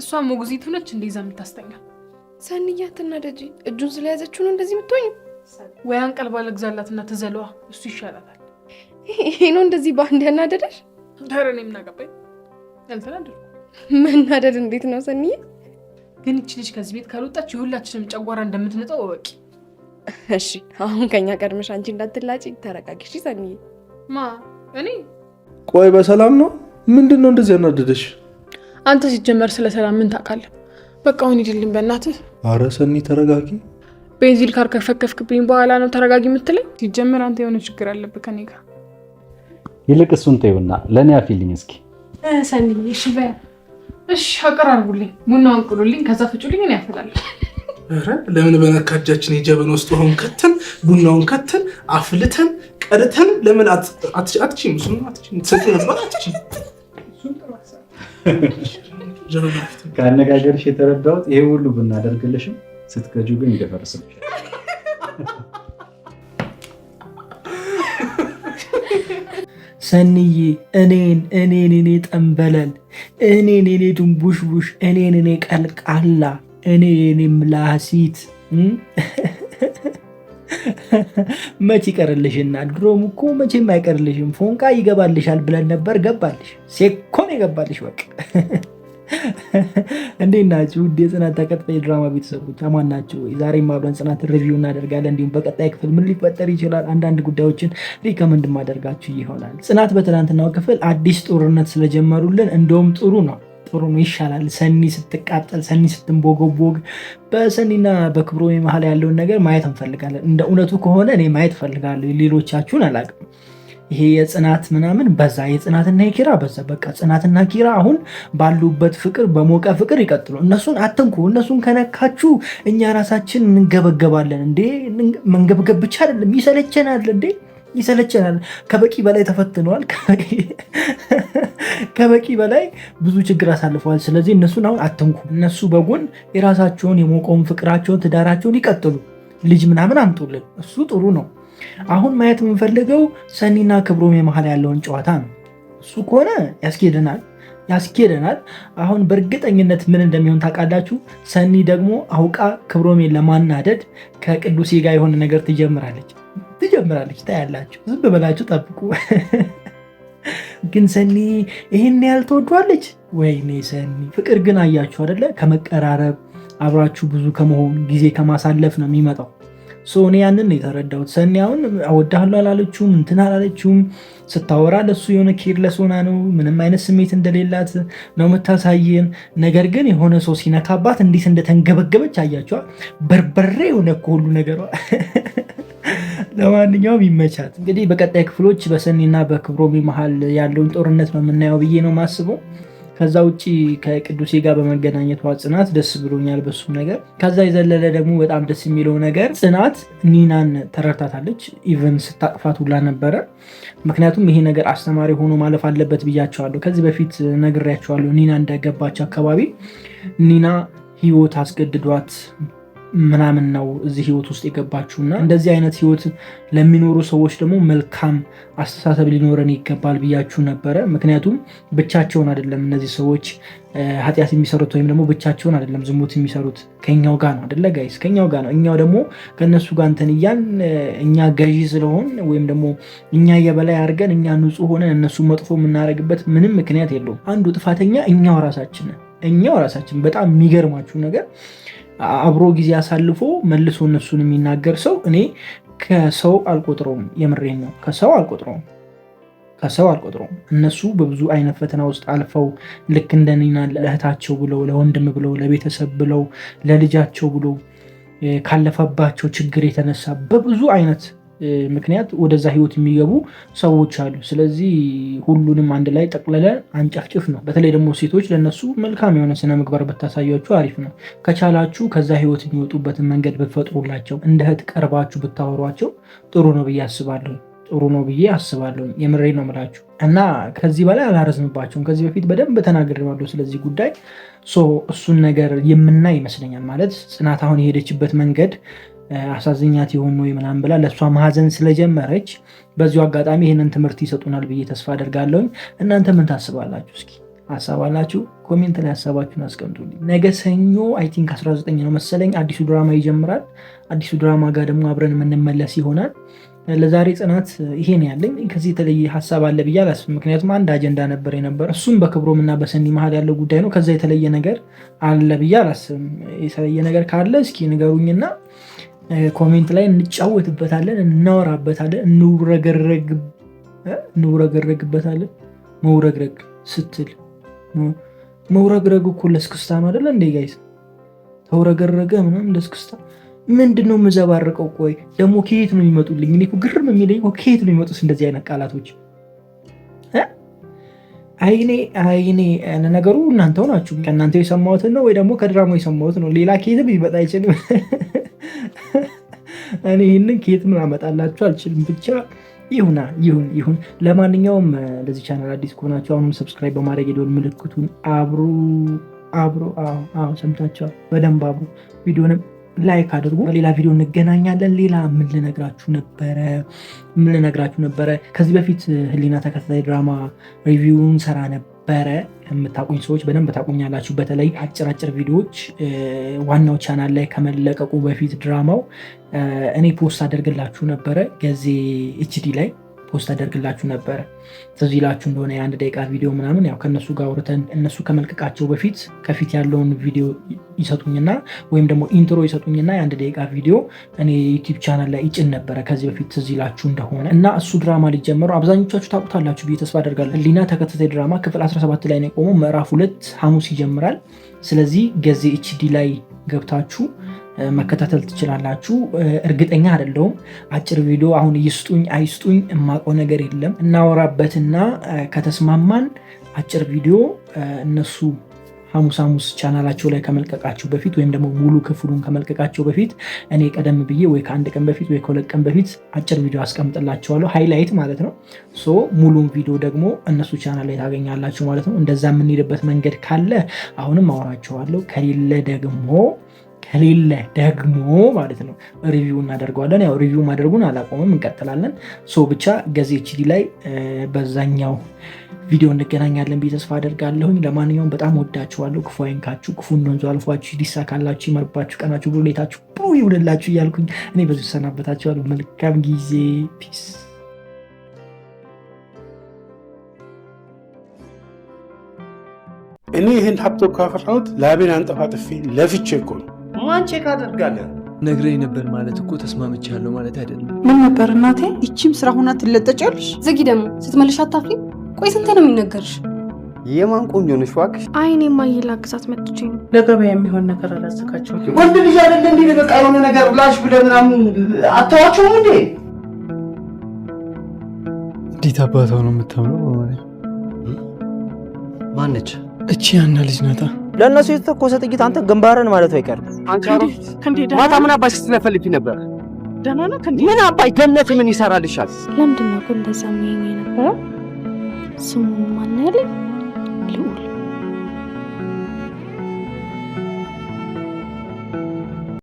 እሷ ሞግዚቱ ነች እንደዛ የምታስተኛ ሰንዬ አትናደጂ። እጁን ስለያዘችው ነው እንደዚህ የምትሆኝ። ወይ አንቀልባ ልግዛላትና ትዘለዋ፣ እሱ ይሻላታል። ይሄ ነው እንደዚህ በአንድ ያናደደሽ? ኧረ እኔ ምን አገባኝ? መናደድ እንዴት ነው ሰንዬ? ግን እቺ ልጅ ከዚህ ቤት ካልወጣች የሁላችንም ጨጓራ እንደምትነጠው እወቂ። እሺ አሁን ከኛ ቀድመሽ አንቺ እንዳትላጭ ተረጋግሽ ሰንዬ። ማ እኔ ቆይ በሰላም ነው ምንድን ነው እንደዚህ ያናደደሽ? አንተ ሲጀመር ስለ ሰላም ምን ታውቃለህ? በቃ አሁን ሂድልን በእናትህ። አረ ሰኒ ተረጋጊ። ቤንዚል ካር ከፈከፍክብኝ በኋላ ነው ተረጋጊ የምትለኝ? ሲጀመር አንተ የሆነ ችግር አለብህ ከኔ ጋር። ይልቅ እሱን ተይውና ለእኔ አፊልኝ እስኪ። ሰኒ እሺ በይ እሺ። አቀራርቡልኝ፣ ቡናውን ቅሉልኝ፣ ከዛ ፍጩልኝ፣ እኔ አፈላለሁ። ለምን በነካ እጃችን የጀበና ውስጥ ውሃውን ከትን ቡናውን ከትን አፍልተን ቀድተን ለምን አትችም? ሱ አትችም፣ ትሰጪ ነበር አትችም ከአነጋገርሽ የተረዳሁት ይሄ ሁሉ ብናደርግልሽም ስትገጁ ግን ይደፈርስብሻል። ሰንዬ እኔን እኔን እኔ ጠንበለል እኔን እኔ ድንቡሽቡሽ እኔን እኔ ቀልቃላ እኔ የኔም ላሲት መች ይቀርልሽና፣ ድሮም እኮ መቼም አይቀርልሽም። ፎንቃ ይገባልሻል ብለን ነበር፣ ገባልሽ። ሴኮን የገባልሽ በቃ። እንዴት ናችሁ? ውድ የጽናት ተከታታይ የድራማ ቤተሰቦች አማን ናችሁ? ዛሬም አብረን ጽናት ሪቪው እናደርጋለን። እንዲሁም በቀጣይ ክፍል ምን ሊፈጠር ይችላል አንዳንድ ጉዳዮችን ሪከመንድ ማደርጋችሁ ይሆናል። ጽናት በትናንትናው ክፍል አዲስ ጦርነት ስለጀመሩልን እንደውም ጥሩ ነው ጥሩ ነው፣ ይሻላል። ሰኒ ስትቃጠል፣ ሰኒ ስትንቦገቦግ፣ በሰኒና በክብሮ መሀል ያለውን ነገር ማየት እንፈልጋለን። እንደ እውነቱ ከሆነ እኔ ማየት እፈልጋለሁ። ሌሎቻችሁን አላውቅም። ይሄ የጽናት ምናምን በዛ፣ የጽናትና የኪራ በዛ። በቃ ጽናትና ኪራ አሁን ባሉበት ፍቅር፣ በሞቀ ፍቅር ይቀጥሉ። እነሱን አትንኩ። እነሱን ከነካችሁ እኛ ራሳችን እንገበገባለን። እንዴ መንገብገብ ብቻ አይደለም ይሰለቸናል እንዴ ይሰለቸናል። ከበቂ በላይ ተፈትነዋል። ከበቂ በላይ ብዙ ችግር አሳልፈዋል። ስለዚህ እነሱን አሁን አትንኩ። እነሱ በጎን የራሳቸውን የሞቀውን ፍቅራቸውን፣ ትዳራቸውን ይቀጥሉ። ልጅ ምናምን አምጡልን፣ እሱ ጥሩ ነው። አሁን ማየት የምንፈልገው ሰኒና ክብሮሜ የመሀል ያለውን ጨዋታ ነው። እሱ ከሆነ ያስኬደናል ያስኬደናል። አሁን በእርግጠኝነት ምን እንደሚሆን ታውቃላችሁ። ሰኒ ደግሞ አውቃ ክብሮሜን ለማናደድ ከቅዱሴ ጋር የሆነ ነገር ትጀምራለች። ትጀምራለች። ታያላችሁ። ዝም በላችሁ ጠብቁ። ግን ሰኒ ይህን ያህል ተወዷለች። ወይኔ ሰኒ ፍቅር ግን አያችሁ አደለ? ከመቀራረብ አብራችሁ ብዙ ከመሆን ጊዜ ከማሳለፍ ነው የሚመጣው። እኔ ያንን የተረዳሁት ሰኒ አሁን አወዳለሁ አላለችውም፣ እንትን አላለችውም። ስታወራ ለሱ የሆነ ኬርለስ ሆና ነው፣ ምንም አይነት ስሜት እንደሌላት ነው የምታሳየን። ነገር ግን የሆነ ሰው ሲነካባት እንዴት እንደተንገበገበች አያቸዋ። በርበሬ የሆነ እኮ ሁሉ ነገሯ ለማንኛውም ይመቻት። እንግዲህ በቀጣይ ክፍሎች በሰኔና በክብሮሚ መሀል ያለውን ጦርነት ነው የምናየው ብዬ ነው ማስበው። ከዛ ውጭ ከቅዱሴ ጋር በመገናኘቷ ጽናት ደስ ብሎኛል፣ በሱም ነገር። ከዛ የዘለለ ደግሞ በጣም ደስ የሚለው ነገር ጽናት ኒናን ተረድታታለች። ኢቨን ስታቅፋት ሁላ ነበረ። ምክንያቱም ይሄ ነገር አስተማሪ ሆኖ ማለፍ አለበት ብያቸዋለሁ። ከዚህ በፊት ነግሬያቸዋለሁ። ኒና እንዳገባች አካባቢ ኒና ህይወት አስገድዷት ምናምን ነው እዚህ ህይወት ውስጥ የገባችሁ እና እንደዚህ አይነት ህይወት ለሚኖሩ ሰዎች ደግሞ መልካም አስተሳሰብ ሊኖረን ይገባል ብያችሁ ነበረ። ምክንያቱም ብቻቸውን አይደለም እነዚህ ሰዎች ኃጢአት የሚሰሩት ወይም ደግሞ ብቻቸውን አይደለም ዝሙት የሚሰሩት ከኛው ጋር ነው አደለ ጋይስ? ከኛው ጋር ነው። እኛው ደግሞ ከእነሱ ጋር እንትን እኛ ገዢ ስለሆን ወይም ደግሞ እኛ የበላይ አድርገን እኛ ንጹህ ሆነን እነሱ መጥፎ የምናደርግበት ምንም ምክንያት የለውም። አንዱ ጥፋተኛ እኛው ራሳችን እኛው ራሳችን በጣም የሚገርማችሁ ነገር አብሮ ጊዜ አሳልፎ መልሶ እነሱን የሚናገር ሰው እኔ ከሰው አልቆጥረውም። የምሬን ነው፣ ከሰው አልቆጥረውም፣ ከሰው አልቆጥረውም። እነሱ በብዙ አይነት ፈተና ውስጥ አልፈው ልክ እንደኔና ለእህታቸው ብለው ለወንድም ብለው ለቤተሰብ ብለው ለልጃቸው ብለው ካለፈባቸው ችግር የተነሳ በብዙ አይነት ምክንያት ወደዛ ህይወት የሚገቡ ሰዎች አሉ። ስለዚህ ሁሉንም አንድ ላይ ጠቅለለ አንጨፍጭፍ ነው። በተለይ ደግሞ ሴቶች ለነሱ መልካም የሆነ ስነ ምግባር ብታሳያችሁ አሪፍ ነው። ከቻላችሁ ከዛ ህይወት የሚወጡበትን መንገድ ብትፈጥሩላቸው፣ እንደ እህት ቀርባችሁ ብታወሯቸው ጥሩ ነው ብዬ አስባለሁ። ጥሩ ነው ብዬ አስባለሁ። የምሬ ነው ምላችሁ እና ከዚህ በላይ አላረዝምባቸውም። ከዚህ በፊት በደንብ ተናግሬዋለሁ ስለዚህ ጉዳይ። እሱን ነገር የምናይ ይመስለኛል ማለት ጽናት አሁን የሄደችበት መንገድ አሳዝኛት ይሆን ወይ ምናምን ብላ ለእሷ ማዘን ስለጀመረች በዚሁ አጋጣሚ ይህንን ትምህርት ይሰጡናል ብዬ ተስፋ አደርጋለሁኝ። እናንተ ምን ታስባላችሁ? እስኪ አሳባላችሁ ኮሜንት ላይ ሀሳባችሁን አስቀምጡልኝ። ነገ ሰኞ አይ ቲንክ 19 ነው መሰለኝ አዲሱ ድራማ ይጀምራል። አዲሱ ድራማ ጋር ደግሞ አብረን የምንመለስ ይሆናል። ለዛሬ ጽናት ይሄን ያለኝ ከዚህ የተለየ ሀሳብ አለ ብዬ አላስብም። ምክንያቱም አንድ አጀንዳ ነበር የነበረ እሱም በክብሮም እና በሰኒ መሀል ያለው ጉዳይ ነው። ከዛ የተለየ ነገር አለ ብዬ አላስብም። የተለየ ነገር ካለ እስኪ ንገሩኝና ኮሜንት ላይ እንጫወትበታለን፣ እናወራበታለን፣ እንውረገረግበታለን። መውረግረግ ስትል መውረግረግ እኮ ለስክስታ ነው አደለ እንዴ ጋይስ? ተውረገረገ ምናምን ለስክስታ ምንድን ነው የምዘባርቀው? ቆይ ደግሞ ከየት ነው የሚመጡልኝ? እኔ ግርም የሚለኝ ከየት ነው የሚመጡት እንደዚህ አይነት ቃላቶች? አይኔ አይኔ ነገሩ እናንተ ሆናችሁ ከእናንተ የሰማሁትን ነው ወይ ደግሞ ከድራማ የሰማሁት ነው። ሌላ ኬትም ሊመጣ አይችልም። እኔ ይህንን ኬትም አመጣላችሁ አልችልም። ብቻ ይሁና ይሁን ይሁን። ለማንኛውም ለዚህ ቻናል አዲስ ከሆናችሁ አሁንም ሰብስክራይብ በማድረግ የደወል ምልክቱን አብሮ አብሮ ሰምታችኋል። በደንብ አብሮ ቪዲዮንም ላይክ አድርጉ። በሌላ ቪዲዮ እንገናኛለን። ሌላ ምን ልነግራችሁ ነበረ ምን ልነግራችሁ ነበረ? ከዚህ በፊት ህሊና ተከታታይ ድራማ ሪቪውን ሰራ ነበረ። የምታቁኝ ሰዎች በደንብ ታቁኛላችሁ። በተለይ አጭር አጭር ቪዲዮዎች ዋናው ቻናል ላይ ከመለቀቁ በፊት ድራማው እኔ ፖስት አደርግላችሁ ነበረ ገዜ ኤችዲ ላይ ፖስት አደርግላችሁ ነበር። ትዝ ይላችሁ እንደሆነ የአንድ ደቂቃ ቪዲዮ ምናምን ያው ከእነሱ ጋር አውርተን እነሱ ከመልቀቃቸው በፊት ከፊት ያለውን ቪዲዮ ይሰጡኝና ወይም ደግሞ ኢንትሮ ይሰጡኝና የአንድ ደቂቃ ቪዲዮ እኔ ዩቲዩብ ቻናል ላይ ይጭን ነበረ ከዚህ በፊት ትዝ ይላችሁ እንደሆነ እና እሱ ድራማ ሊጀመሩ አብዛኞቻችሁ ታውቁታላችሁ ብዬ ተስፋ አደርጋለሁ። ሊና ተከታታይ ድራማ ክፍል 17 ላይ ነው የቆመው። ምዕራፍ ሁለት ሐሙስ ይጀምራል። ስለዚህ ገዜ ኤችዲ ላይ ገብታችሁ መከታተል ትችላላችሁ። እርግጠኛ አይደለሁም። አጭር ቪዲዮ አሁን ይስጡኝ አይስጡኝ የማውቀው ነገር የለም። እናወራበትና ከተስማማን አጭር ቪዲዮ እነሱ ሐሙስ ሐሙስ ቻናላቸው ላይ ከመልቀቃቸው በፊት ወይም ደግሞ ሙሉ ክፍሉን ከመልቀቃቸው በፊት እኔ ቀደም ብዬ ወይ ከአንድ ቀን በፊት ወይ ከሁለት ቀን በፊት አጭር ቪዲዮ አስቀምጥላቸዋለሁ። ሃይላይት ማለት ነው። ሶ ሙሉን ቪዲዮ ደግሞ እነሱ ቻናል ላይ ታገኛላችሁ ማለት ነው። እንደዛ የምንሄድበት መንገድ ካለ አሁንም አወራቸዋለሁ፣ ከሌለ ደግሞ ከሌለ ደግሞ ማለት ነው ሪቪው እናደርገዋለን። ያው ሪቪው ማድረጉን አላቆምም፣ እንቀጥላለን። ሶ ብቻ ገዜ ኤችዲ ላይ በዛኛው ቪዲዮ እንገናኛለን ብዬ ተስፋ አደርጋለሁኝ። ለማንኛውም በጣም ወዳችኋለሁ። ክፉ አይንካችሁ፣ ክፉ እንደንዙ አልፏችሁ፣ ሊሳካላችሁ፣ ይመርባችሁ፣ ቀናችሁ ብሎ ብሩ ይውልላችሁ እያልኩኝ እኔ በዙ ተሰናበታችኋለሁ። መልካም ጊዜ። ፒስ እኔ ይህን ሀብቶ ካፈራሁት ላቤን አንጠፋጥፌ ለፍቼ እኮ ነው። ጤናዋን ቼክ አደርጋለን። ነግረኝ ነበር ማለት እኮ ተስማምቻለሁ ማለት አይደለም። ምን ነበር እናቴ? ይቺም ስራ ሁና ትለጠጫለሽ። ዝጊ ደግሞ ስትመልሽ አታፍሪ። ቆይ ስንት ነው የሚነገርሽ? የማን ቆንጆ ነሽ እባክሽ? አይ እኔማ ላግዛት መጥቼ ነው። ለገበያ የሚሆን ነገር አላዘጋቸው። ወንድ ልጅ አደለ እንዲ በቃ የሆነ ነገር ላሽ ብለ ምናምን አታዋቸውም እንዴ? እንዴት አባቷ ነው የምታምነው? ማነች እቺ? ያና ልጅ ናታ። ለእነሱ የተተኮሰ ጥይት አንተ ግንባርን ማለቱ አይቀርም። ማታ ምን አባሽ ስትለፈልፊ ነበር? ደህና ነው። ምን አባሽ ደህንነት ምን ይሰራልሻል? ለምንድን ነው ግን እንደዛ የሚያየኝ የነበረው? ስሙ ማን ያለ ልዑል